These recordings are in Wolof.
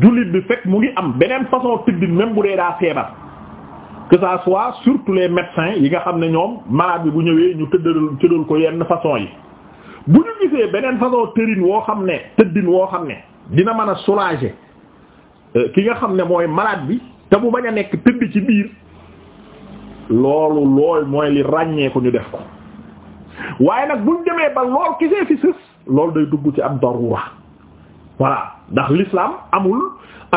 jullit bi fekk mu ngi am beneen façon tëddin même bu dee daa feebar que ça soit surtout les médecins yi nga xam ne ñoom malade bi bu ñëwee ñu tëddal tëddal ko yenn façon yi bu ñu gisee beneen façon tërin woo xam ne tëddin woo xam ne dina mën a soulager euh, ki nga xam ne mooy malaat bi te mu bañ a nekk tëdd ci biir loolu looy mooy li ràññee ko ñu def ko waaye nag buñ demee ba lool kisee fi sës loolu day dugg ci ab darura voilà ndax lislaam amul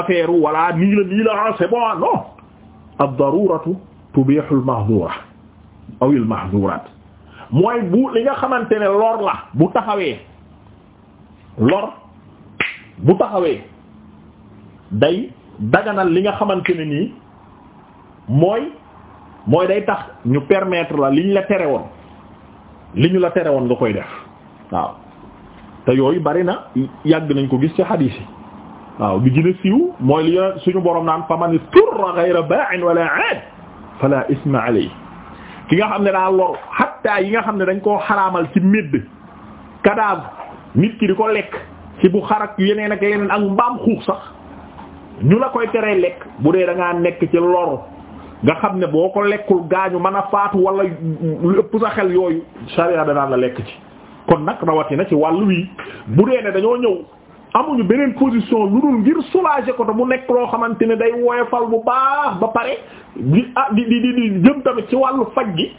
affaire wala nii la nii la ah, c'est bon ah, non ad-daruratu tubihu al-mahdura aw al mooy bu li nga xamante ne lor la bu taxawee lor bu taxawee day daganal li nga xamante ne nii mooy mooy day tax ñu permettre la li ñu la tere woon li ñu la tere woon nga koy def waaw te yooyu bari na yàgg nañ ko gis ci xadiis yi waaw bi gën a siiw mooy li suñu borom naan faman turra ghayra ba'in wala 'ad fala isma alayhi ki nga xam ne daa lor xatta yi nga xam ne dañ koo xaraamal ci médd cadavre nit ki di ko lekk ci bu xarak yeneen ak yeneen ak mbaam xuux sax ñu la koy teree lekk bu dee da ngaa nekk ci lor nga xam ne boo ko lekkul gaañu mën a faatu wala lu ëpp sa xel yooyu sharia danaan la lekk ci kon nag rawatina ci wàllu wi bu dee ne dañoo ñëw amuñu beneen position lu dul ngir soulager ko te mu nekk loo xamante ne day woyofal bu baax ba pare di ah di di jëm tamit ci wàllu faj gi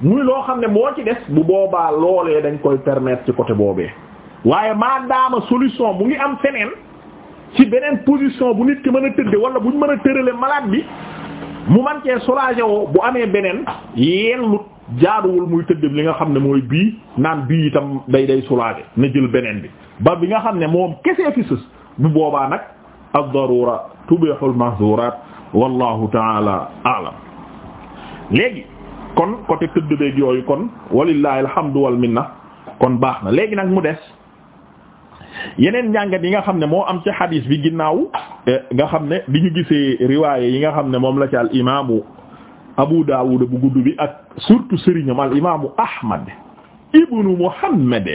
muy loo xam ne moo ci des bu boobaa loolee dañ koy permettre ci côté boobee. waaye maadaama solution mu ngi am feneen ci beneen position bu nit ki mën a tëdde wala buñ mën a tërale malaat bi mu man cee soulager bu amee beneen yellut jaaduwul muy tëdd li nga xam ne mooy bii naan bii itam day day sulaage na jël beneen bi ba bi nga xam ne moom kesee fi sës bu boobaa nag ad-darura tubihul mahzurat wallahu taala alam léegi kon côté tëdd beeg yooyu kon walillahi alhamdu wal minna kon baax na léegi nag mu des yeneen njàngat yi nga xam ne moo am ci xadiis bi ginnaaw eh, nga xam ne bi ñu gisee riwaaye yi nga xam ne moom la ci al imaamu Abu Dawud bu gudd bi ak surtout sëriñam al imaamu Ahmad ibnu Muhammad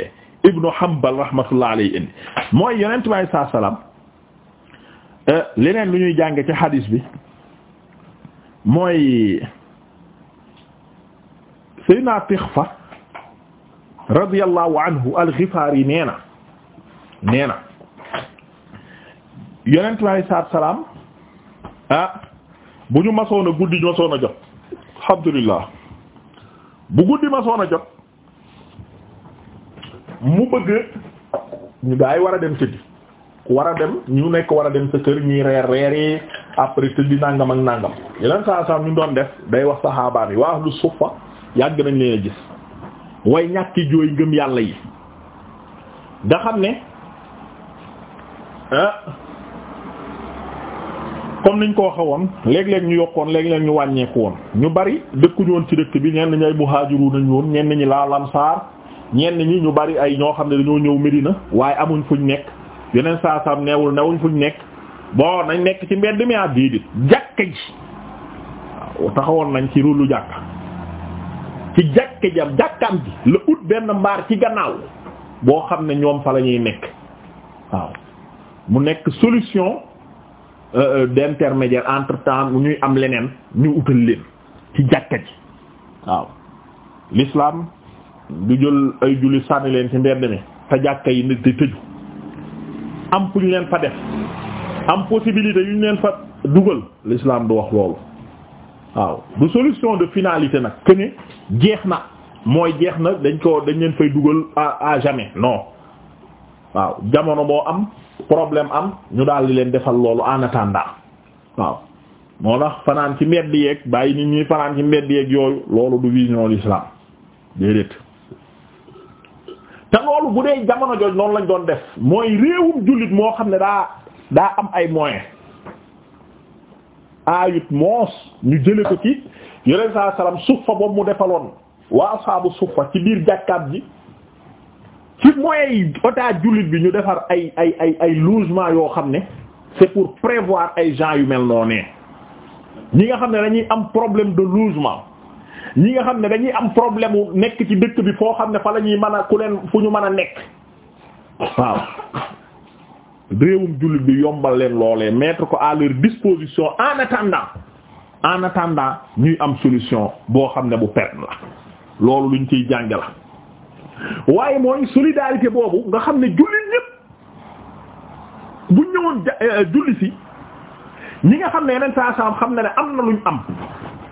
ibnu Hanbal rahmatullah alayhi indi mooy yonent bi saa salaam eh, leneen lu ñuy jànge ci hadis bi mooy Seydina Tixfa radiyallahu anhu al-Ghifari nee na nee na yonent bi saa salaam ah, bu ñu masoon a guddi ñu masoon jot alhamdulillah bu guddi ma soon a jot mu bëgg ñu gaa war a dem tëddi war a dem ñu nekk war a dem sa kër ñuy reer reer yi après tëddi nàngam ak nàngam yeneen saa saa ñu doon def day wax saxaabaan yi waa ahlu suffa yàgg nañ leen a gis way ñàkki jooy ngëm yàlla yi nga xam ne ah comme niñ ko waxe woon léeg-léeg ñu yokkoon léeg-léeg ñu wàññeeku woon ñu bari dëkkuñu woon ci dëkk bi ñenn ñi ay muhaajiru nañu woon ñenn ñi laa lansaar ñenn ñi ñu bari ay ñoo xam ne dañoo ñëw Medina waaye amuñ ñu nekk yeneen saa saam neewul fu ñu nekk bon nañ nekk ci mbedd mi ak ah, déedéet jàkka ji waaw taxawoon nañ ci rôle lu jàkka ci jàkka ji am jàkkaam ji la ut benn mbaar ci gannaaw boo xam ne ñoom fa la ñuy nekk waaw mu nekk solution. Euh, euh, d'intermédiaire entre temps ñuy am leneen ñu utal leen ci jàkka ji waaw l'islam du jël ay julli sànni leen ci mbedd te jàkka yi nit di tëju am fu ñu leen fa def am possibilité yu ñu leen fa dugal l'islam du wax loolu waaw du solution de finalité nag que ne jeex na mooy jeex na dañ ko dañ leen fay dugal à à jamais non waaw jamono boo am problème am ñu daal di leen defal loolu en attendant waaw moo tax fanaan ci mbedd yeek bàyyi nit ñuy fanaan ci mbedd yeeg yooyu loolu du vision l'islam déedéet te loolu bu dee jamono jooju noonu lañ doon def mooy réewum jullit moo xam ne daa daa am ay moye ayut moos ñu jële ko ci yeneen saa salaam suffa boobu mu defaloon waa saabu suffa ci biir jàkkaat ji moyens yi état jullit bi ñu defar ay ay ay ay logement yoo xam ne c'est pour prévoir ay gens yu mel noonu ñi nga xam ne dañuy am problème de logement ñi nga xam ne dañuy am problème wu nekk ci dëkk bi foo xam ne fa la ñuy mën a ku leen fu ñu mën a nekk waaw réewum jullit bi yombal leen loolee maitre ko à leur disposition en attendant en attendant ñuy am solution boo xam ne bu perte la loolu luñ ciy jànge la waaye mooy solidarité boobu nga xam ne jullit ñépp bu ñëwoon euh, euh, julli si ñi nga xam ne yeneen saa saam xam na ne am na luñ am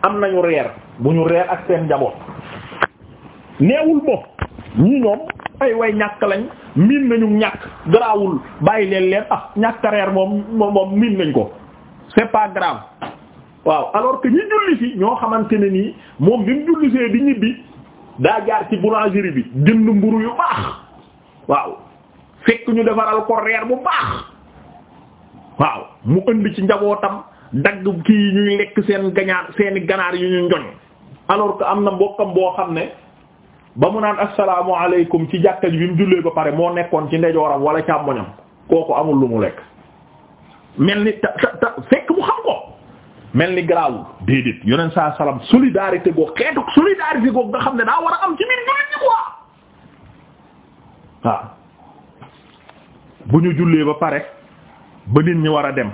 am nañu reer bu ñu reer ak seen njaboot neewul moom ñii ñoom ay way ñàkk lañ miin nañu ñàkk garaawul bàyyi leen leen ah ñàkk reer moom moom miin nañ ko c'est pas waaw alors que ñi julli si ñoo xamante ne nii moom bi mu jullisee di ñibbi daa jaar ci boulangerie bi jënd mburu yu baax waaw fekk ñu defaral ko reer bu baax waaw mu indi ci njabootam dagg kii ñuy lekk seen ganaar seeni ganaar yu ñu njoñ alors que am na mbokkam boo xam ne ba mu naan assalaamu alaykum ci jàkka ji bi mu jullee ba pare moo nekkoon ci ndejooram wala càmmoñam kooku amul lu mu lekk mel ni ta ta ta fekk mu xam mel ni garaawul déedéet yoneen saa salaam solidarité goog xeetu solidarité goog nga xam ne daa war a am ci biir jullit ñi quoi waaw bu ñu jullee ba pare ba nit ñi war a dem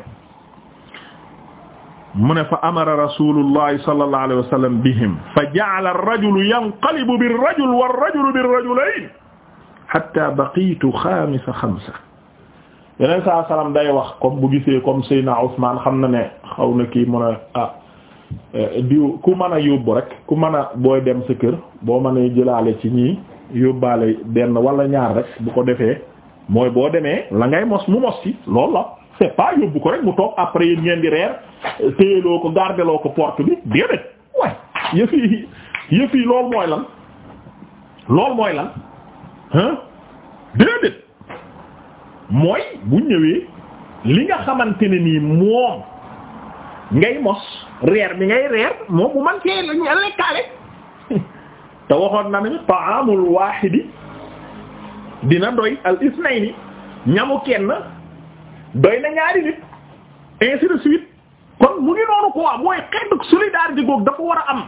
mu ne fa amara rasulullahi sallallahu alayhi wa sallam bihim fa ja'ala ar-rajulu yanqalibu bir-rajul war-rajulu bir-rajulayn hatta baqitu xaamisa xamsa yeneen saa salaam day wax comme bu gisee comme Seyna Ousmane xam na ne xaw na kii mun a ah, diw ku mën a yóbbu rek ku mën a booy dem sa kër boo a jëlaale ci ñii yóbbaale benn wala ñaar rek bu ko defee mooy boo demee la ngay mos mu mos ci loolu la c'est yóbbu ko rek mu toog après yéen ngeen di reer téyeloo ko gardeloo ko porte bi déedéet waay yëf yi yëf mooy lan loolu mooy lan ah déedéet mooy bu ñëwee li nga xamante ne nii moom ngay mos reer bi ngay reer moom bu man see lañu lekkaale te waxoon na ni ta'amul wahidi dina doy al isnayni ñamu kenn doy na ñaari nit ainsi de suite kon mu ngi noonu quoi mooy xeetu solidarité googu dafa war a am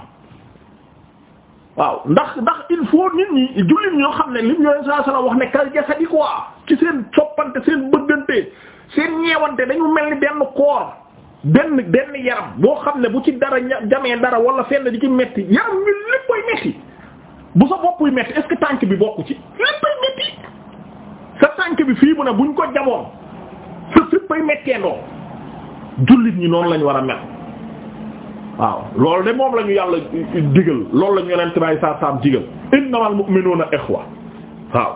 waaw ndax ndax il faut nit ñi jullit ñoo xam ne lim yooyu saa sala wax ne kal jasadi quoi ci seen soppante seen bëggante seen ñeewante dañu mel ni benn koor benn benn yaram boo xam ne bu ci dara jamee dara wala fenn di ci metti yaram ñu lépp koy metti bu sa boppuy metti est tànk bi bokku ci léppay metti sa tànk bi fii mu ne buñ ko jamoon sa féppay mettee ndoo jullit ñi noonu lañ war a mel waaw loolu de moom lañu yàlla digal loolu la ñu yonent bay saa saam digal innamal mu'minuuna ixwa waaw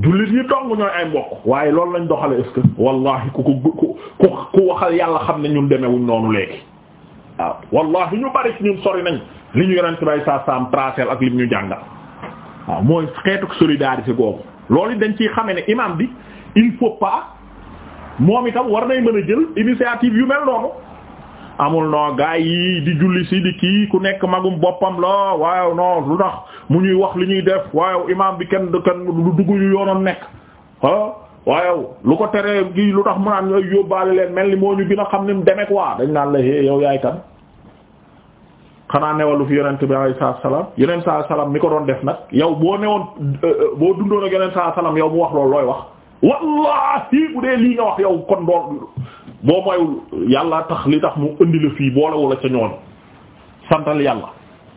jullit ñi dong ñooy ay mbokk waaye loolu lañ doxale est-ce que wallahi ku ku ku ku waxal yàlla xam ne ñun demewuñ noonu léegi waaw wallahi ñu bari ci ñun sori nañ li ñu yonent bay saa saam tracel ak lim ñu jàngal waaw mooy xeetuk solidarité googu loolu dañ ciy xame ne imam bi il faut pas moom itam war nay mën a jël initiative yu mel noonu amul non gaa yi di julli si di kii ku nekk magum boppam la waaw non lu tax mu ñuy wax li ñuy def waaye imaam bi kenn du kenn du dugg yu yoonam nekk ah waaw lu ko teree kii lu tax mu naan ñooy yóbbaale leen mel ni moo ñu gën a xam ni mu demee quoi dañ naan la hé yow yaay kan. xanaa newal lu fi yonent bi alayhi salaatu salaam yonent saa salaam mi ko doon def nag yow boo newoon euh, euh, boo dundoon ak yonent saa salaam yow mu wax loolu looy wax. wallahi bu dee lii wax yow boo moywul yàlla tax li tax mu indi la fii boolewu la ca ñooñu santal yàlla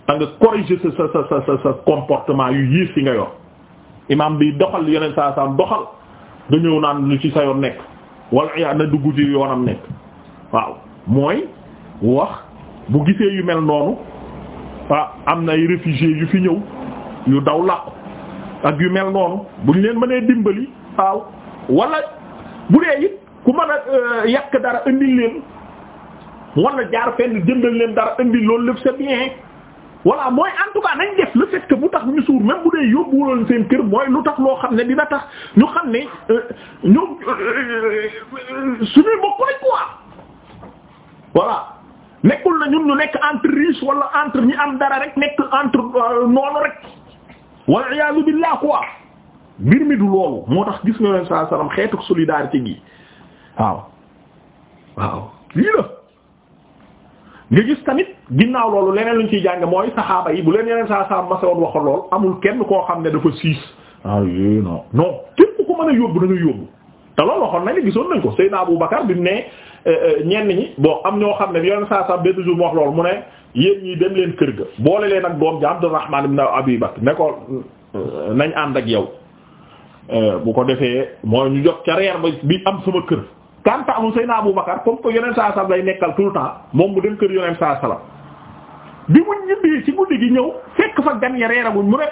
da nga corriger sa sa sa sa comportement yu yiis yi nga yor imaam bi doxal yeneen saa saa doxal nga ñëw naan lu ci sa yoon nekk wala yaa na dugg ci yoonam nekk waaw mooy wax bu gisee yu mel noonu ah am na ay réfugiés yu fi ñëw yu daw làqu ak yu mel noonu bu ñu leen mënee dimbali waaw wala bu dee it ku mën a euh, yàq dara indil leen wala jaar fenn jëndal leen dara indil loolu lépp c'est bien voilà mooy en tout cas nañ def le fait que bu tax ñu suur même bu dee yóbbuwuloon seen kër mooy lu tax loo xam ne dina tax ñu xam ne euh, ñu euh, suñuy bokk lañ quoi voilà nekkul na ñun ñu nekk entre riche wala entre ñi am dara rek nekk entre noonu rek wala iyaazu billah quoi mbir mi du loolu moo tax gis nga leen saa salaam xeetu solidarité gi. waaw waaw lii la nga gis tamit ginnaaw loolu leneen luñ ciy jàng mooy saxaaba yi bu leen yeneen saa saa mase waxoon lool amul kenn koo xam ne dafa siis ah yooyu non non képp ko a yóbbu da nga yóbbu te loolu waxoon nañ ko Seydina Abu Bakar bi eh, eh, ñenn ñi boo am ñoo xam ne yeneen saa saa benn jour mu wax loolu mu ne yéen ñii dem leen kër ga boole leen ak doom ji Abdurrahman ibn Abi Bakr ne eh, nañ ànd ak yow bu ko defee mooy ñu jox ca reer ba bi am sama kër. kanta amul Seydina Abu Bakar comme que yoneen saa sallam lay nekkal tout le moom mu dem kër yoneen saa sallam bi mu ñibbi ci guddi gi ñëw fekk fa gan ya reeraguñ mu ne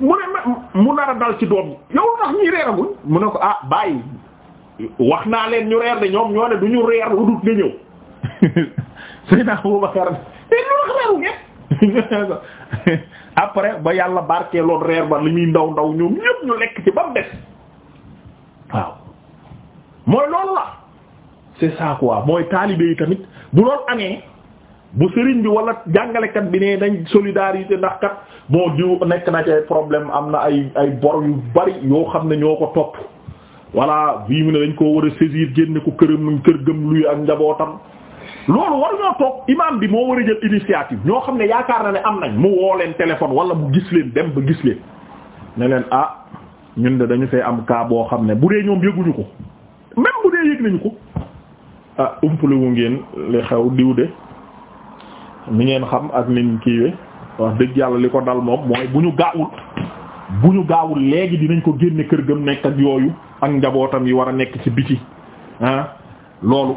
mu ne mu nar a dal ci doom yow tax ñuy reeraguñ mu ne ko ah bàyyi wax naa leen ñu reer de ñoom ñoo ne du ñu reer lu dul nga ñëw Seydina Abu Bakar te lu wax reeru ngeen après ba yàlla barkeeloon reer ba lu muy ndaw ndaw ñoom ñëpp ñu lekk ci ba mu waaw mooy loolu la c'est ça quoi mooy taalibe yi tamit bu doon amee bu sëriñ bi wala jàngalekat bi ne dañ solidarité ndax kat moo diw nekk na ci problème am na ay ay bor yu bari yoo xam ne ñoo ko topp walla bii mu ne dañ koo war a saisir génne ko këram kër gëm luy ak njabootam loolu war ñoo toog imam bi moo war a jël initiative ñoo xam ne yaakaar na ne am nañ mu woo leen téléphone wala mu gis leen dem ba gis leen ne leen ah ñun de dañu fee am cas boo xam ne bu dee ñoom yëguñu ko même bu dee yëg nañu ko ah umpaliwu ngeen li xew diw de mi ngeen xam ak niñ kiiwe waa dëgg yàlla li ko dal moom mooy bu ñu gaawul bu ñu gaawul léegi dinañ ko génne kër gëm nekk ak yooyu ak njabootam yi war a nekk ci biti ah loolu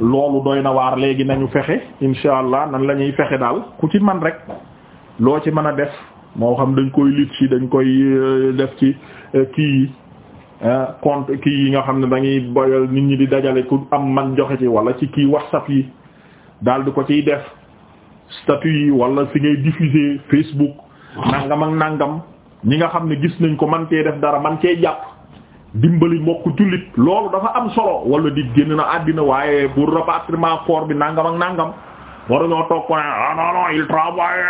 loolu doy na waar léegi nañu fexe insha allah nan lañuy ñuy fexe daal ku ci man rek loo ci mën a def moo xam dañ koy lit ci dañ koy euh, def ci euh, kii yi Ah, compte kii yi nga xam ne dañuy boyal nit ñi di dajale ku am man joxe ci wala ci kii whatsapp yi daal di ko ciy def statut yi wala fi ngay diffuser facebook nangam ak nangam ñi nga xam ne gis nañ ko man cee def dara man cee jàpp dimbali mbokk jullit loolu dafa am solo wala di génn na àddina waaye pour rapatriement fort bi nangam ak nangam waru ñoo toog ko ne ah non non il travaille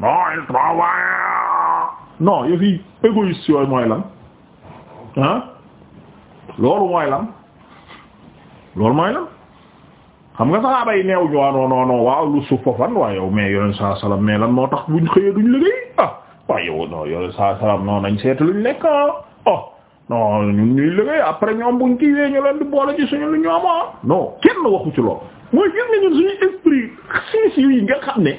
non il travaille non yëfi égoïste yooyu mooy lan ah loolu mooy lan loolu mooy lan xam nga saxaaba yi neew ñu waa non non waaw lu suuf fan waaye yow mais yoneen saa salaam mais lan moo tax buñ xëyee duñ liggéey ah waaye yow non yoneen saa salaam non nañ seetu luñ nekk ah oh, non ñun ñuy liggéey après ñoom buñ kiiwee ñu leen di boole ci suñu lu ñu amoon ah. non kenn waxu ci loolu mooy gis nga ñun suñu esprit siis yi nga xam ne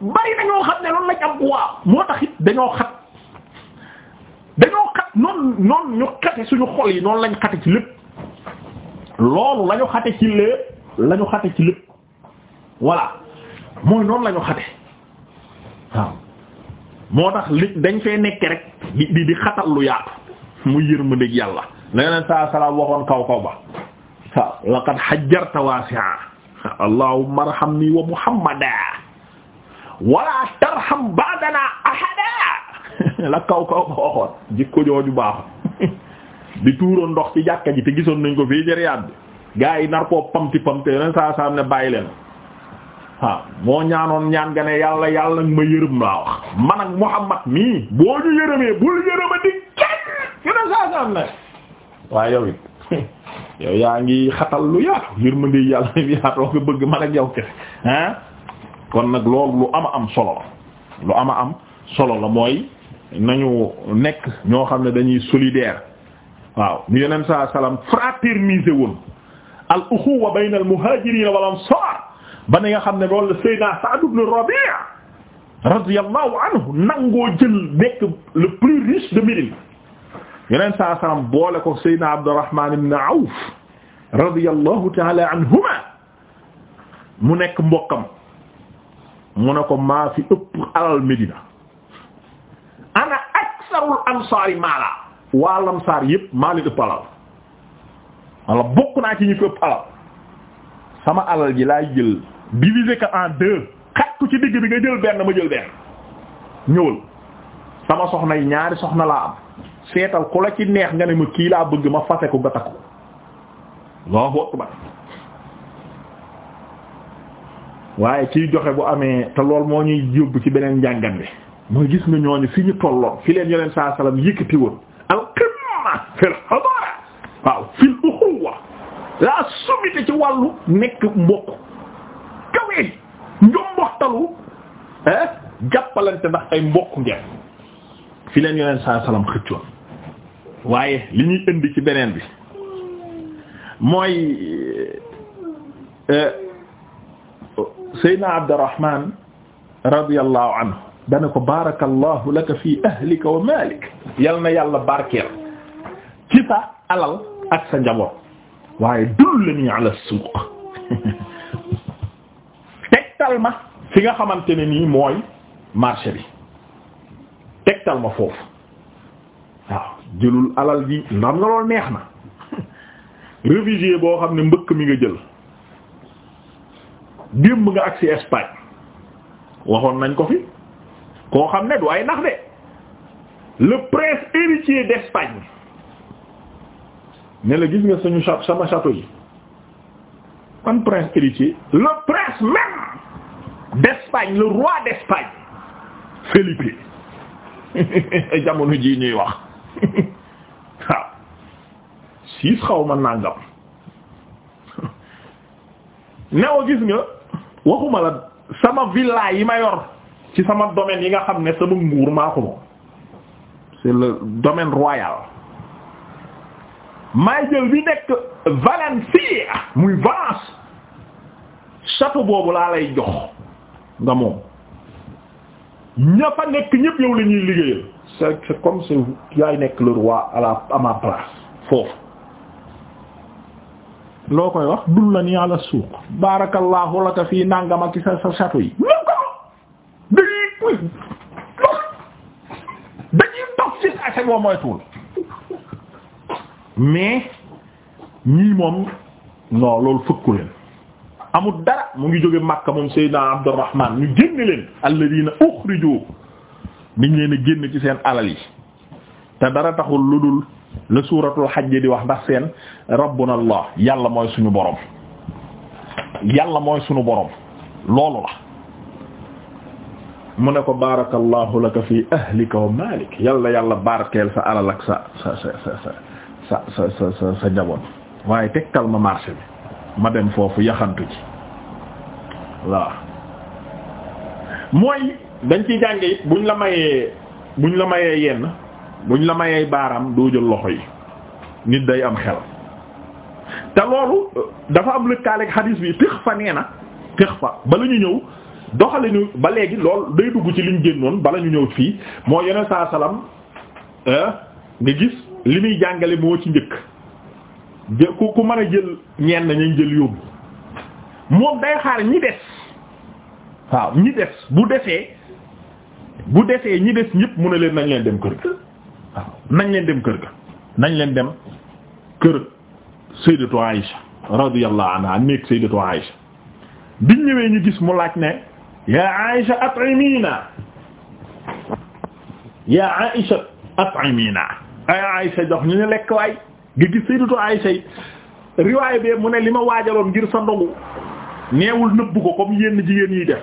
bari dañoo xam ne loolu lañ am waaw moo tax dañoo xat. dañoo xat noonu noonu ñu xate suñu xol yi noonu lañ xate ci lépp loolu lañu xate ci lépp lañu xate ci lépp voilà mooy noonu lañu xate moo tax li dañ fee nekk rek di di di xatal lu yaatu mu yërmandeeg yàlla la a saa salaam waxoon kaw kaw ba waaw laqad hajjarta wasi'a allahumma arhamni wa muhammada wala tarham ba'dana ahada la kaw kaw ba waxoon jikko jooju baaxul di tuuroon ndox ci jàkka ji te gisoon nañ ko fii jëriyaat bi gaa yi nar koo pamti pamte yeneen saa saa ne bàyyi leen waaw moo ñaanoon ñaan nga ne yàlla yàlla ma yërëm laa wax man ak Muhammad mii boo ñu yërëmee bul yërëma di kenn yeneen saa saa ne waaye yow it yaa ngi xatal lu yaatu yërmande yàlla yaatoo nga bëgg man ak yow kese ah kon nag loolu lu ama am solo la lu a am solo la mooy nañu nekk ñoo xam ne dañuy solidaire waaw ñu yeneen saa salaam fraterniser woon al ukhuwa bayna al muhajirin wal ansar ba ni nga xam ne loolu Seydina Sa'd ibn Rabi' radiyallahu anhu nangoo jël nekk le plus riche de Médine yeneen saa salaam boole ko Seydina Abdurrahman ibn Awf radiyallahu ta'ala anhuma mu nekk mbokkam mu ne ko maa fi ëpp alal Médina ansaari maala waa lamsaar yëpp maa ëpp alal wala bokk naa ci ñu fi ëpp alal sama alal ji laay jël diviser ko en deux xat ku ci digg bi nga jël benn ma jël benn ñëwal sama soxna yi ñaari soxna laa am seetal ku la ci neex nga ne ma kii laa bëgg ma fase ko gata ko Allahu akbar waaye kiy joxe bu amee te lool moo ñuy yóbbu ci beneen njàngan bi mooy gis nu ñooñu fi ñu tolloon fi leen yeneen saa salaam yëkkati woon al-qimma fil hadara waaw fil ukhuwa la sommité ci wàllu nekk mbokk kawee njomboxtalu ah jàppalante ndax ay mbokk ngeen fi leen yeneen saa salaam xëccoon waaye li ñuy indi ci beneen bi mooy euh, Seydina Abdurrahman radiyallahu anhu dana ko barakallahu laka fi ahlika wa yal na yàlla barkeel ci sa alal ak sa njaboot waaye dullani ala suuq tegtal ma fi nga xamante ne nii mooy marché bi tegtal ma foofu waaw jëlul alal ji ndam nga lool neex na réfugié boo xam ne mbëkk mi nga jël démb nga agsi Espagne waxoon nañ ko fi koo xam ne du ay nax de le prince héritier d'Espagne ne la gis nga suñu sama château yi man prince héritier le prince même d'Espagne le roi d'Espagne Felipe jamono ji ñuy wax waaw siis xaw ma nangam newa gis nga waxuma la sama villa yi ma yor ci sama domaine yi nga xam ne sama nguur maa ko moom c'est le domaine royal maay jël bi nekk Valenciennes muy Valence château boobu laa lay jox nga moom ña fa nekk ñépp yow la ñuy liggéeyal c'est c'est comme si yaay nekk le roi à la à ma place foofu loo koy wax dul la ni ala barakallahu laka fii nàngama ki sa sa château yi rek boo moytuwul mais ñii moom non loolu fëkku leen amul dara mu ngi jóge Makka moom Seydina Abdurrahman ñu génn leen alladina uxriju niñ leen a génn ci seen alal yi te dara taxul lu dul la suuratul xajj di wax ndax seen rabbuna allah yàlla mooy suñu borom yàlla mooy suñu boroom loolu la mu ne ko barakallahu laka fi ahlika wa malik yàlla yàlla barkeel sa alal ak sa sa sa sa sa sa sa sa sa njaboot waaye tegtal ma marché bi ma dem foofu yaxantu ci waaw mooy dañ ci jànge it buñ la mayee buñ la mayee yenn buñ la mayee baaraam doo jël loxo yi nit day am xel te loolu dafa am lëkkaaleeg xadiis bi tëx fa nee na tëx fa ba la ñëw doxalinu ba léegi lool day dugg ci liñ génnoon bala ñu ñëw fii moo yeneen saa salaam eh, nga gis li muy jàngale moo ci njëkk jë ku ku mën a jël ñenn ñañ jël yóbbu moom day xaar ñi des waaw ñi des bu desee bu desee ñi des ñëpp mu ne leen nañ leen dem kër ga waaw nañ leen dem kër ga nañ leen dem kër sayyidatu Aïsha radiyallahu anha nekk sayyidatu Aïsha biñ ñëwee ñu gis mu laaj ne yaa Aïcha at'imina yaa Aïcha at'imina ay Aïcha jox ñu ñu lekk waay gi gis sayyidatu Aïcha yi riwaay bee mu ne li ma waajaloon ngir sa ndogu neewul nëbb ko comme yenn jigéen yi def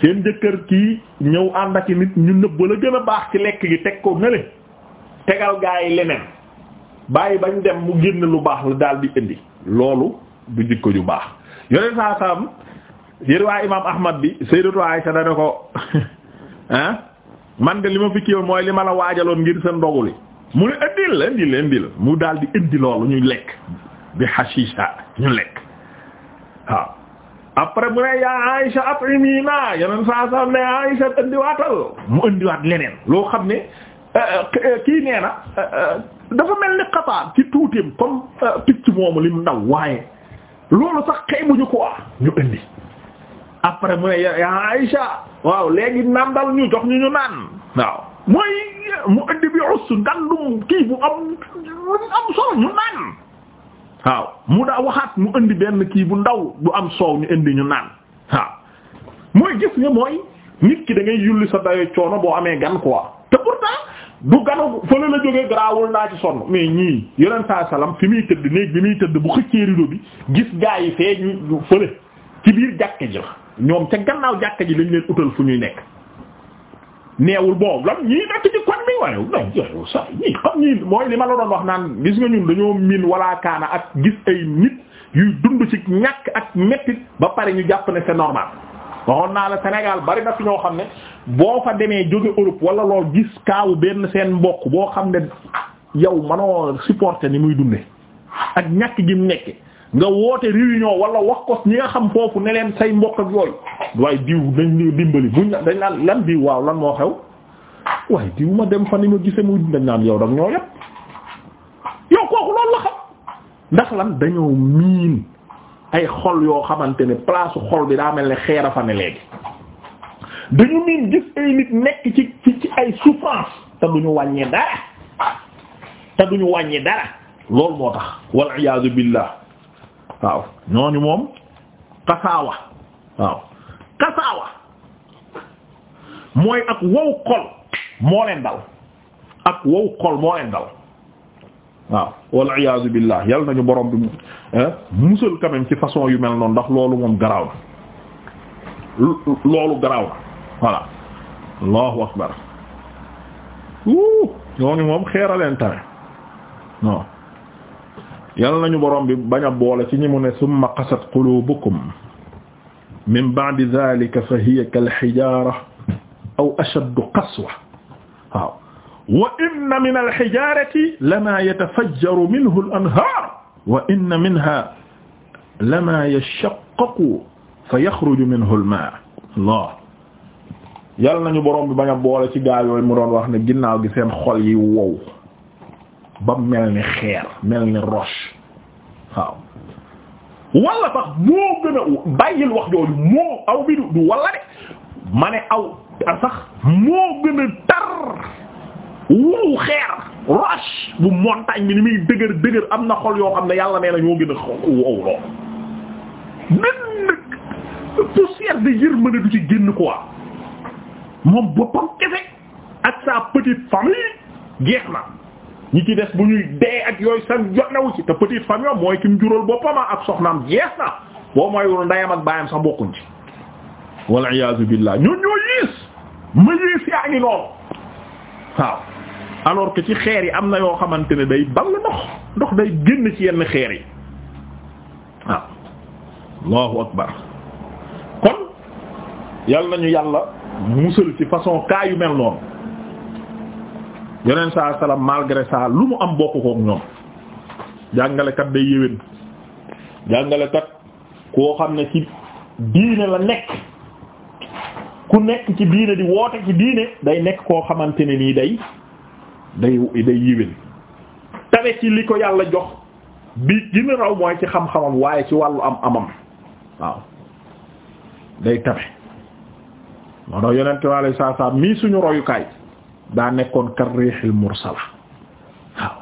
seen jëkkër ki ñëw ànd ak nit ñu nëbb la gën a baax ci lekk gi teg ko nële tegal gaa yi leneen bàyyi bañ dem mu génn lu baax la daal di indi loolu du jikko ju baax yooyu saa saam riwaay imaam Ahmad bi Sayyidatu Aisha dana ko ah man de li ma fi kiiwoon mooy li ma la waajaloon ngir sa ndogu li mu ne indil indil indil mu daal di indi loolu ñu lekk bi hashisha ñu lekk waaw après mu ne yaa Aisha at'imi naa yeneen saa saa ne mu indiwaat leneen loo xam ne eh, eh, eh, kii nee na dafa mel ni xabaar ci tuutim comme picc moomu lim ndaw waaye loolu sax xëy bu ñu ko waa ñu indi. après mu ne yaa Aïcha waaw léegi naan dal ñu jox ñu ñu naan waaw mooy mu indi bi us ngandum kii bu am am solo ñu naan waaw mu daa waxaat mu indi benn kii bu ndaw bu am soow ñu indi ñu naan waaw mooy gis nga mooy nit ki da ngay yulli sa dayo coono boo amee gan quoi te pourtant du ganu fële la jógee garaawul naa ci sonn mais ñii yeneen saa salaam fi muy tëdd néeg bi muy tëdd bu xëccee rido bi gis gaa yi fee fële ci biir jàkk ji la ñoom ca gannaaw jàkka ji lañ leen utal fu ñuy nekk neewul boobu lan ñii nekk ci kon mi waaye sax ñii mooy li ma la doon wax naan gis nga ñun dañoo miin walaakaana ak gis ay nit yuy dund ci ñàkk ak mettit ba pare ñu jàpp ne c'est normal waxoon naa la Sénégal bari na fi ñoo xam ne boo fa demee jóge Europe wala lool gis kaawu benn seen mbokk boo xam ne yow manoo supporter ni muy dunde ak ñàkk gi mu nekke nga woote réunion wala wax ko ñi nga xam foofu ne leen say mbokk ak yooyu waaye diw dañ dimbali buñ dañ naan lan diw waaw lan moo xew waaye diw ma dem fa ni ma gisee mu dañ naan yow dang ñoo yépp yow kooku loolu la xam ndax lan dañoo miin ay xol yoo xamante ne place xol bi daa mel ne xeer a fa ne léegi dañu miin gis ay nit nekk ci ci ay souffrance te duñu wàññi dara te duñu wàññi dara loolu moo tax wal iyaadu billah waaw ñooñu moom kasaawa waaw kasaawa mooy ak wow xol moo leen dal ak wow xol moo leen dal waaw wal iyaazu billah yal nañu borom bi eh, musal quand même ci façon yu mel noonu ndax loolu moom garaaw na loolu garaaw na voilà allahu akbar wuu ñooñu moom xeeraleen tame non yal nañu borom bi bañ a boole ci ñi mu ne summa qasat qulubukum min ba'di dhalika fa hiya kal hijara aw ashad qaswa waaw wa inna min al hijarati lama yatafajjaru minhu al anhar wa inna minha lama yashaqqaqu fa yakhruju minhu al ma' Allah yal nañu borom bi bañ a boole ci gaa yooyu mu doon wax ne ginnaaw gi seen xol yi wow ba mel ni xeer mel ni roche waaw wala moo gën a bàyyil wax jooju moo aw bi du du de ma ne aw sax moo gën a tar wow xeer roche bu montagne bi ni muy dëgër dëgër am na xool yoo xam ne yàlla nee na ñoo gën a wow lool benn poussière de yërmande du ci génn quoi moom boppam kese ak sa petite famille jeex na ñi ci des bu ñuy dee ak yooyu sax yonewu ci te petite famille am mooy ki mu jural ak soxnaam jeex na boo mooy ndeyam ak baayam sax bokkuñ ci wal iyaazu billah ñun ñoo yiis ma yiis yaa ngi noonu waaw alors que ci xeer yi am na yoo xamante ne day ball ndox ndox day génn ci yenn xeer yi waaw allahu akbar kon yal nañu yàlla musal ci façon kaa yu mel noonu yeneen saa salaam malgré ça lu mu am bokk kook ñoom jàngalekat day yéwén jàngalekat koo xam ne ci diine la nekk ku nekk ci diine di woote ci diine day nekk koo xamante ne nii day day day yéwén tabe ci li ko yàlla jox bi gën raw mooy ci xam-xamam waaye ci wàllu am amam waaw day tabe moo tax yonente bi alei saa salaam mii suñu royukaay daa nekkoon kar riixil mursala waaw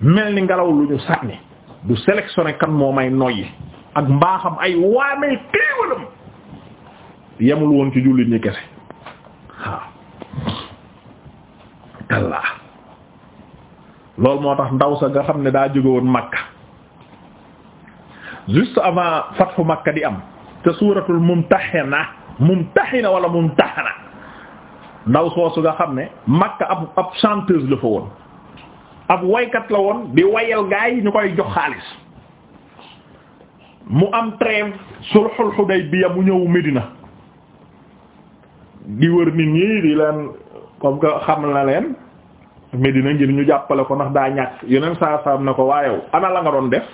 mel ni ngelaw lu ñu sànni du sélectionné kan moo may noyyi ak mbaaxam ay waamee téewalam yemul woon ci jullit ñi kese waaw kallaa loolu moo tax ndaw sa nga xam ne daa jóge woon Makka juste avant fathu Makka di am te suuratul mumtahina mumtahina wala mumtahana ndaw soosu nga xam ne Makka ab ab chanteuse la fa woon ab waykat la woon bi wayal gaa yi ñu koy jox xaalis mu am trêve sulhul Hudaybiya mu ñëw Medina di wër nit ñi di leen comme xam na leen Medina ngir ñu jàppale ko ndax daa ñàkk yeneen saa saa na ko waaye ana la nga doon def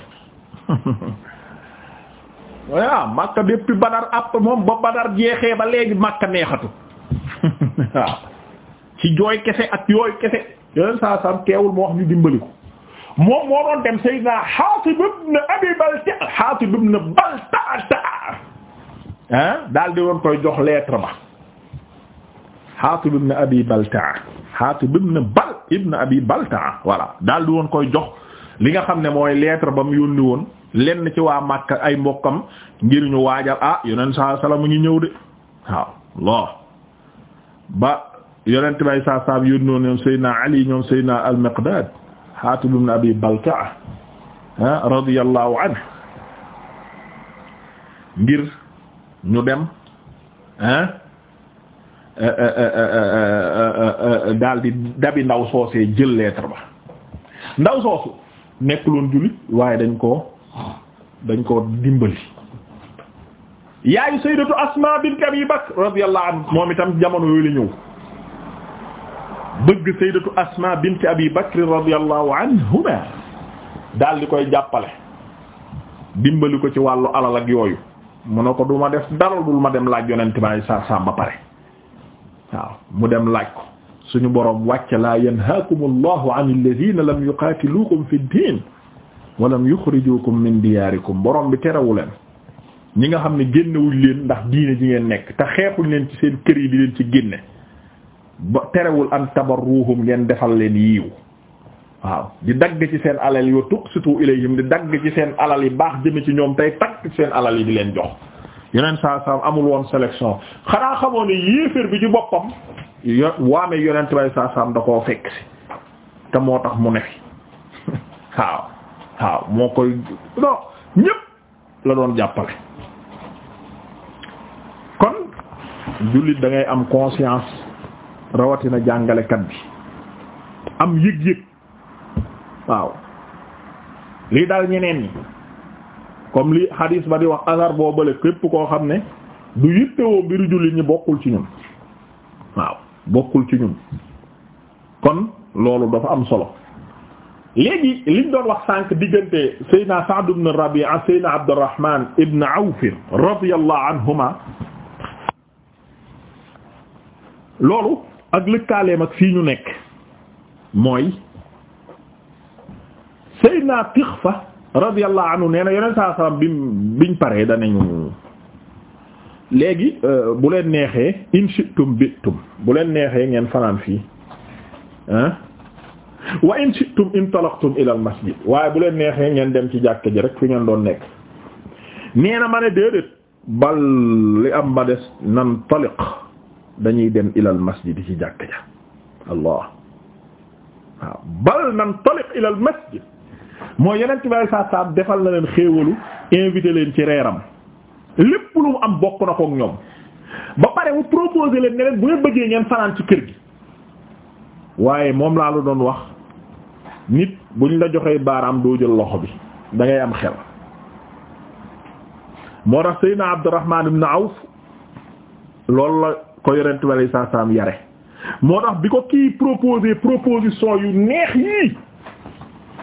waaw ah, Makka depuis Badar àpp moom ba Badar jeexee ba léegi Makka neexatu waaw ci jooy kese ak yooyu kese yooyu saa saam teewul moo wax ñu dimbali ko moom moo doon dem Seydina Hatib ibn Abi Balta Hatib ibn Balta ah daal jox lettre ba Hatib ibn Abi Bal ibn Abi Balta voilà daal di woon koy jox li nga xam ne mooy lettre ba mu yónni woon lenn ci waa Makka ay mbokkam ngir ñu waajal ah yeneen saa salaam mu ngi ñëw de waaw lool. ba yonent bay saa saab yónnoo ñoom Seydina Ali ñoom Seydina al-Miqdad Haatib ibn Abi Balta'a radiyallahu anhu ngir ñu dem eh, eh, eh, daal dabi ndaw soosee jël lettre ba ndaw soosu nekkuloon jullit waaye dañ ko dañ ko dimbali yaayu sayyidatu Asma bint Abi Bakr radiyallahu anha moom itam jamono yooyu la ñëw bëgg sayyidatu Asma bint Abi Bakr radiyallahu anhuma daal di koy jàppale dimbali ko ci wàllu alal ak yooyu mu ne ko du ma def dara dul ma dem laaj yonent bi sa sa ba pare waaw mu dem laaj ko suñu boroom wàcce laa yanhaakum allahu an alladina lam yuqaatilukum fi ddin wa lam yuxrijukum min diyaarikum boroom bi terewuleen ñi nga xam ne génnewuñ leen ndax diine ji ngeen nekk te xeexuñ leen ci seen kër yi di leen ci génne ba terewul an tabarruhum ngeen defal leen yiiw waaw di dagg ci seen alal yi tuqsitu ilayhim di dagg ci seen alal yi baax jëme ci ñoom tey takk seen alal yi di leen jox yeneen saa saa amul woon sélection xanaa xamoo ne bi ci boppam yo waame yonent bay saa saam da koo fekk si te moo tax mu ne fi waaw waaw moo koy non ñépp la doon jàppale kon jullit da ngay am conscience rawatina jàngalekat bi am yëg-yëg waaw lii daal ñeneen ñi comme li hadis ba di wax asar boo bële képp koo xam ne du yittewoo mbiru jullit ñi bokkul ci ñun waaw bokkul ci ñun kon loolu dafa am solo léegi liñ doon wax sànq diggante Seydina Sa'd ibn Rabi'a Seydina Abdurrahman ibn Awf radiyallahu anhuma loolu ak lëkkaaleem ak fii ñu nekk mooy Seydina Tixfa radiyallahu anhu nee na yeneen saa salaam bi biñ paree danañu léegi euh, bu leen neexee in shi'tum bi'tum bu leen neexee ngeen fanaan fii ah wa in shi'tum intalaqtum ila al masjid waaye bu leen neexee ngeen dem ci jàkka ji rek fi ngeen doon nekk nee na ma ne déedéet bal li am ba des nan dañuy dem ilal masjid ci jàkk ja allah waaw bal nantaliq ilal masjid mooy yeneen ci bari saa saam defal na leen xéewalu invité leen ci reeram lépp lu mu am bokk na kook ñoom ba pare mu proposé leen ne leen bu ngeen bëggee ngeen fanaan ci kër gi waaye moom laa la doon wax nit buñ la joxee baaraam doo jël loxo bi dangay am xel moo tax Seydina Abdurrahman ibn Awf loolu la ko yonent bi alay saa yare moo tax bi ko kii proposé proposition yu neex yii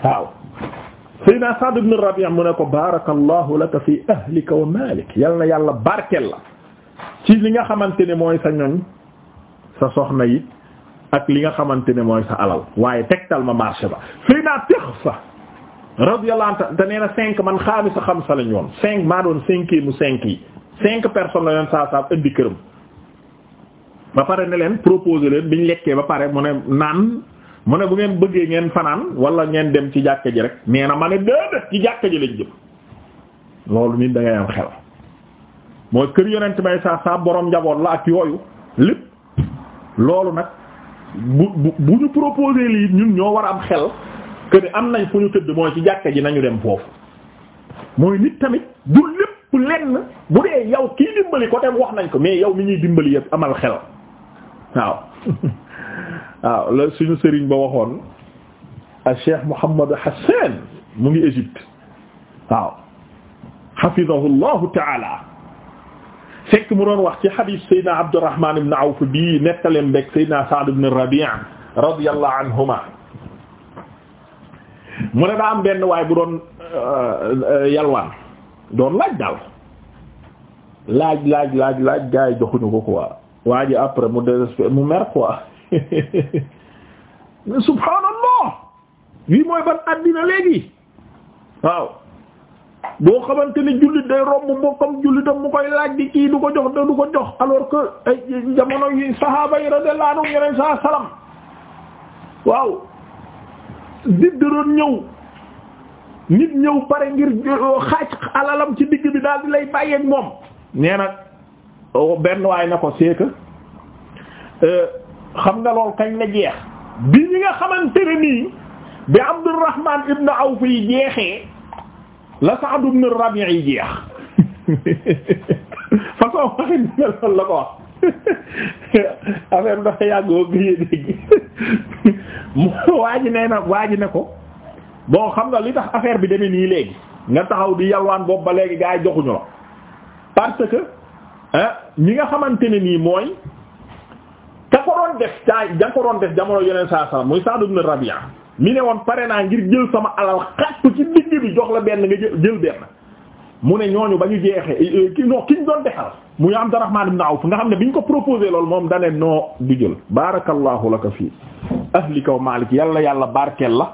waaw Seydina Sa'd ibn Rabi' mu ne ko barakallahu laka fi ahlika wa malik yal na yàlla barkeel la ci li nga xamante ne mooy sa ñoñ sa soxna yi ak li nga xamante ne mooy sa alal waaye tegtal ma marché ba Seydina Tixfa la anha te nee cinq man xaamisa xamsa lañu woon cinq maa doon cinq yi mu cinq yi cinq personnes la yoon saa saa indi këram ba pare ne leen proposé leen ñu lekkee ba pare mu ne naan mu ne bu ngeen bëggee ngeen fanaan wala ngeen dem ci jàkka ji rek nee na ma ne déedéet ci jàkka ji lañ jëm loolu nit da am xel kër yonent bay sa sa borom njaboot la ak yooyu loolu nag bu bu bu ñu ñoo war a am xel que am nañ fu ñu tëdd mooy ci jàkka ji nañu dem foofu mooy nit tamit du lépp lenn bu dee yow kii dimbali ko dem wax nañ ko mais yow mu ñuy dimbali yëpp amal xel. waaw waaw la suñu sëriñ ba waxoon a cheikh Mouhamadou Hassan mu ngi Égypte waaw hafizahu llahu taala fekk mu doon wax ci hadith Seydina Abdourahman ibn Awf bi nettaleen mbeg Seydina Sa'd ibn Rabi' radiyallahu anhuma mu ne daa am benn waay bu doon euh, yalwaan doon laaj daal laaj laaj laaj laaj gaa yi joxuñu ko quoi waa ji après mu désespéré mu mer quoi subhaanallah lii mooy ban addina léegi waaw boo xamante ni jullit day romb mbokkam jullitam mu koy laaj di kii du ko jox da du ko jox alors que ay jamono yi sahaaba yi radiyallahu anhum yeneen saa salam waaw nit da ñëw nit ñëw pare ngir euh, xaaj alalam ci digg bi daal di lay bàyyeeg moom nee Oh, benn waay na ko c'est euh, xam nga lool kañ la jeex bi ñi nga xamante ne nii bi Abdurrahman ibn Awf yi jeexee la Sa'd ibn Rabi' yi jeex façon waxin loolu la ko wax affaire bi dafa yàggoo gëyee dégg mo waa ji nee na waa ji ne ko bon xam nga li tax affaire bi demee nii léegi nga taxaw di yalwaan boobu ba léegi gaa yi joxuñu la parce que ñi ah, nga xamante ne nii mooy ka ko doon def caa ja ko doon def jamono yeneen sa salaam muy Sa'd ibn Rabi'a mi ne woon pare naa ngir jël sama alal xattu ci digg bi jox la benn nga jël benn mu ne ñooñu ba ñu jeexee eh, eh, ki non ki ñu doon defal muy Abdurrahman ibn Awf nga xam ne bi ñu ko proposé loolu moom da ne noo du jël la laka fii ahlika wa maalik yàlla yàlla barkeel la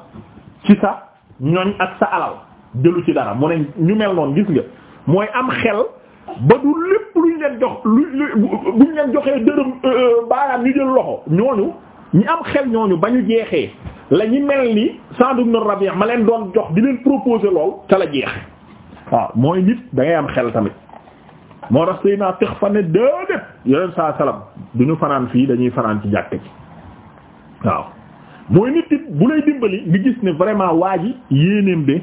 ci sa ñooñ ak sa alal jëlu ci dara mu ne ñu mel noonu gis mooy am xel. ba du lépp luñ leen jox luñ leen joxee dërëm euh, euh, baaraam ñu jël loxo ñooñu ñi am xel ñooñu ba ñu jeexee la ñu mel ni Sa'd ibn Rabi' ma leen doon jox di leen proposer lool ca la jeex waaw mooy nit da am xel tamit moo tax sëy naa tëx fa ne déedéet yeneen saa salam du fanaan fii dañuy fanaan ci jàkk ji waaw mooy nit it bu lay dimbali nga gis ne vraiment waa ji yéeneem de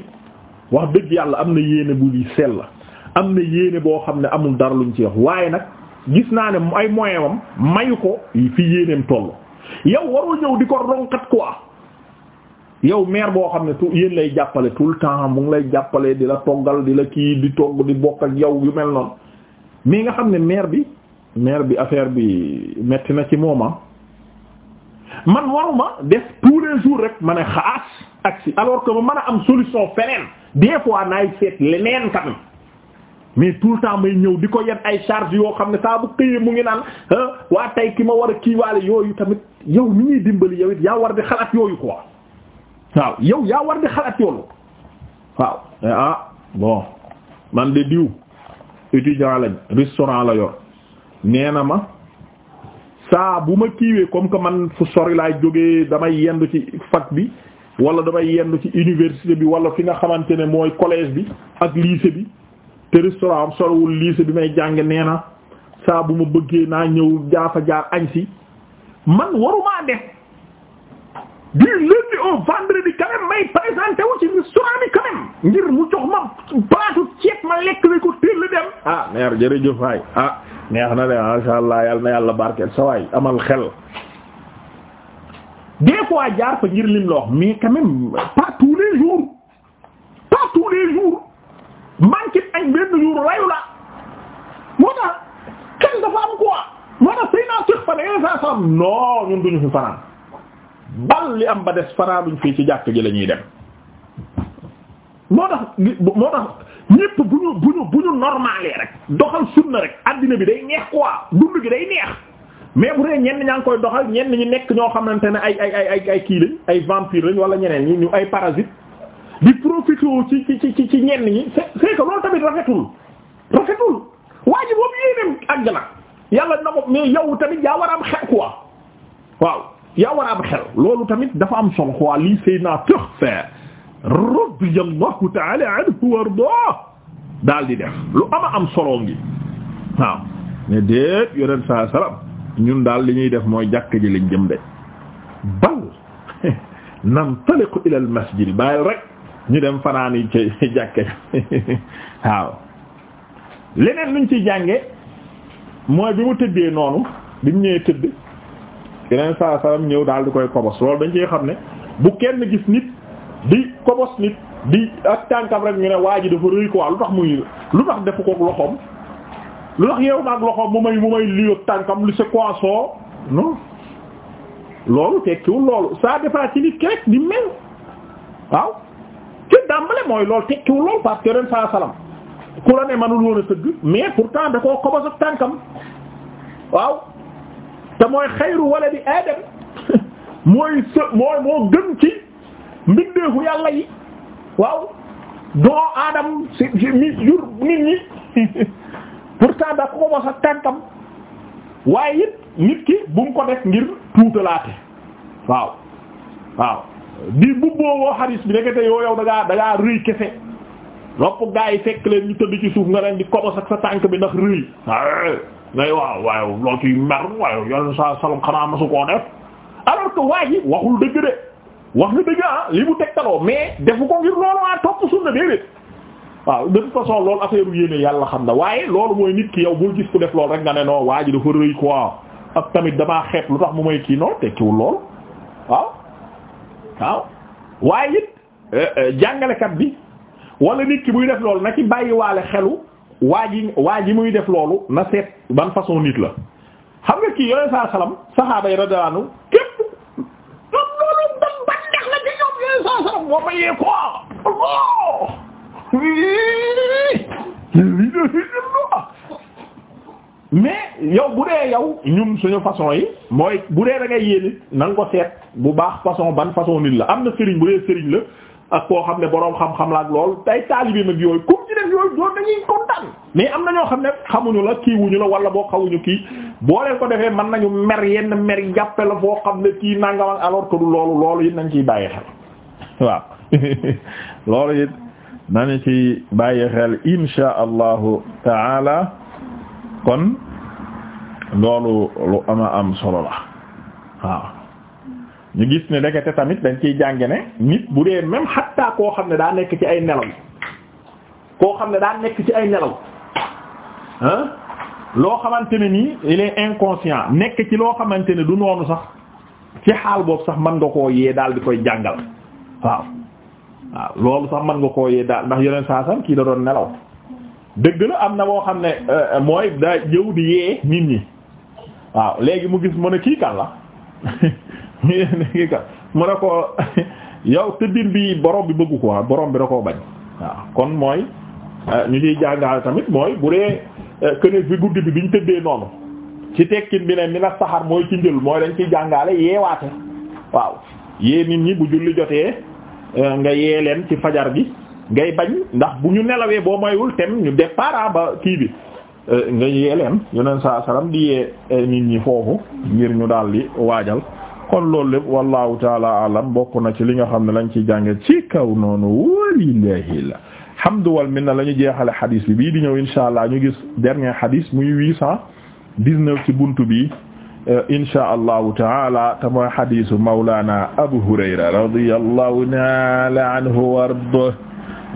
wax dëgg yàlla am na yéene bu li sell la am na yéene boo xam ne amul dara luñ ci wax waaye nag gis naa ne ay moyen am mayu ko fi yéeneem toll yow warul ñëw di ko ronkat quoi yow maire boo xam ne tu yéen lay jàppale tout le temps mu ngi lay jàppale di la toggal di la kii di togg di bokk ak yow yu mel noonu mais nga xam ne maire bi maire bi affaire bi metti na ci moom ah. man waruma def tous les jour rek ma ne xaas ak si alors que ma mën a am solution feneen des fois naay seet leneen kat mais tout le temps may ñëw di ko yen ay charge yoo xam ne saa bu xëyee mu ngi naan ah, waa tey ki ma war a kiiwaale yooyu tamit yow ni ñuy dimbali yow it yaa war di xalaat yooyu quoi waaw yow yaa war di xalaat yoolu waaw ah bon man de diw étudiant lañ restaurant la yoon nee na ma saa bu ma kiiwee comme que man fu sori laay jógee damay yendu ci fac bi wala damay yendu ci université bi wala fi nga xamante ne mooy collège bi ak lycée bi te restaurant am sorowul lycée bi may jàng nee na saa bu ma bëggee naa ñëw jaafa jaar añ si man warumaa def du lundi au vendredi quand même may présenté wu ci restaurant bi quand ngir mu jox ma baatu ceeb ma lekk la ko teel dem ah, ah neex na de masha Allah yàlla na yàlla barkeel sa amal xel des fois jaar fa ngir lim la mais quand même tous les jours pas tous les jours manqué añ benn ñu rayu la moo tax kenn dafa am quoi moo tax sëy naa tëx fan yooyu saa saam ñun duñu fi fanaan bal li am ba des fanaanuñ fii ci jàkk ji la ñuy dem moo tax moo tax ñépp bu ñu bu ñu bu ñu normalé rek doxal sunna rek addina bi day neex quoi dund gi day neex mais bu dee ñenn ñaa ngi koy doxal ñenn ñi nekk ñoo xamante ne ay ay ay kii lañ ay vampire lañ wala ñeneen yi ñu ay parasite di profité ci ci ci ci ñenn ñi c'est que tamit rafetul rafetul waa ji boobu yéeneem àjjana yàlla na ko mais yow tamit yaa war am xel quoi waaw yaa war am xel loolu tamit dafa am solo quoi lii Seydina Tuxfa ta'ala anhu wa ardaah daal di def lu ama am solo ngi waaw ne déet yonent saa salaam daal li ñuy def mooy jàkk ji lañ jëm bal nantaliqu ila al masjid bàyyil rek. ñu dem fanaan yi ci jàkke waaw leneen luñ ciy jànge mooy bi mu tëddee noonu bi mu ñëwee tëdd yeneen saa salaam ñëw daal di koy kobos loolu dañ ciy xam ne bu kenn gis nit di kobos nit di ak tànkam rek ñu ne waa ji dafa rëy ko waa lu tax muy lu tax defu ko loxoom lu tax yeewu maag loxoom mu may mu may lii ak tànkam lu c'est quoi soo non loolu tekkiwul loolu ça dépend ci nit ki rek di mel waaw dàmbale mooy lool tekkiwul lool parce que ren saa salaam ku la ne manul woon a tëgg mais pourtant da koo kobos ak tànkam waaw te mooy xayru wala di aadam mooy së mooy moo gën ci mbindeefu yàlla yi waaw doo aadam si si mi nit ñi pourtant da ko kobos tànkam waaye it nit ki bu mu ko ngir tuutalaate waaw waaw di bubboo woo xadis bi nekkete yoo yow da ngaa da rëy kese nopp gaa yi fekk leen ñu tëdd ci suuf nga leen di kobos ak sa tànk bi ndax rëy ngay waaw waaw loo ciy mer waaw yàlla sa xanaa masu koo def alors que waa ji wax na dëgg ah li mu tegtaloo mais defu ko ngir loolu waa topp sunna déedéet waaw yàlla xam na waaye loolu mooy nit ki yow bul gis ku def loolu rek nga ne non waa ji dafa rëy quoi ak tamit damaa xeeb lu tax mu may kii noonu tekkiwul lool waaw waaw waaye it jàngalekat bi wala nit ki buy def loolu na ci bàyyiwaale xelu waa ji waa ji muy def loolu na seet ban façon nit la xam nga kii yoneen saa salam saxaaba yi képp loolu ban ban la ci ñoom yoneen saa salam moo ma yee quoi mais yow bu dee yow ñun suñu façon yi mooy bu dee da ngay yéene na ko seet bu baax façon ban façon nit la am na sëriñ bu dee sëriñ la ak koo xam ne boroom xam-xam la ak lool tay taalibe nag yooyu comme ci def yooyu doon dañuy kontaan mais am na ñoo xam ne xamuñu la kiiwuñu la wala boo xawuñu kii boo leen ko defee man nañu mer yenn mer jàppe la foo xam ne kii nangaman alors que du loolu loolu it nañ ciy bàyyi xel waaw loolu it nañu ciy bàyyi xel insha allahu taala kon loolu lu ama am solo la waaw ñu gis ne ndekete tamit dañ ciy jànge ne nit bu dee même xatta koo xam ne daa nekk ci ay nelaw koo xam ne daa nekk ci ay nelaw loo xamante ne nii il est inconscient nekk ci loo xamante ne du noonu sax ci xaal boobu sax mën nga koo yee daal di koy jàngal waaw waaw loolu sax man nga koo yee daal ndax yeneen saa sam kii da doon nelaw dëgg la am na boo xam ne euh, mooy daa jëw di yee nit ñi waaw léegi mu gis mën a kii kan la kii kan mën ko yow tëddin bi borom bi bëggu ko borom bi da koo bañ waaw kon mooy euh, ñu ciy jàngaale tamit mooy bu dee kënees euh, bi guddi bi biñ tëddee noonu ci tekkin bi ne mi na saxar mooy ci njël mooy dañ ciy jàngaale yeewaate waaw yee nit ñi bu julli jotee nga yee leen ci fajar gi ngay bañ ndax bu ñu nelawee boo moywul tem ñu départ ba kii bi euh, nga yee leen yeneen saa salaam di yee eh, nit ñi foofu ngir ñu daal di waajal kon loolu lépp wallahu taala alam bokk na ci li nga xam ne lañ ciy jànge ci kaw noonu walillahi alhamdu wal minna la ñu jeexale xadis bi bii di ñëw insha allah ñu gis dernier xadis muy huit cent ci buntu bi euh, insha allahu taala te mooy xadisu mawlana abu hurayra radiyallahu taala anhu warda